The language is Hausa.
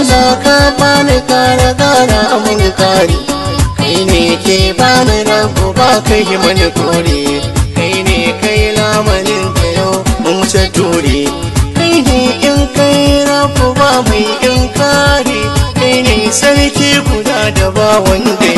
zaka ka bani kara kara mun kari kai ne ke bani rabu ba kai mani kore kai ne kai lamarin da yau mun ture kai ne in kai rabu ba mai in kare kai ne sarki guda da ba wanda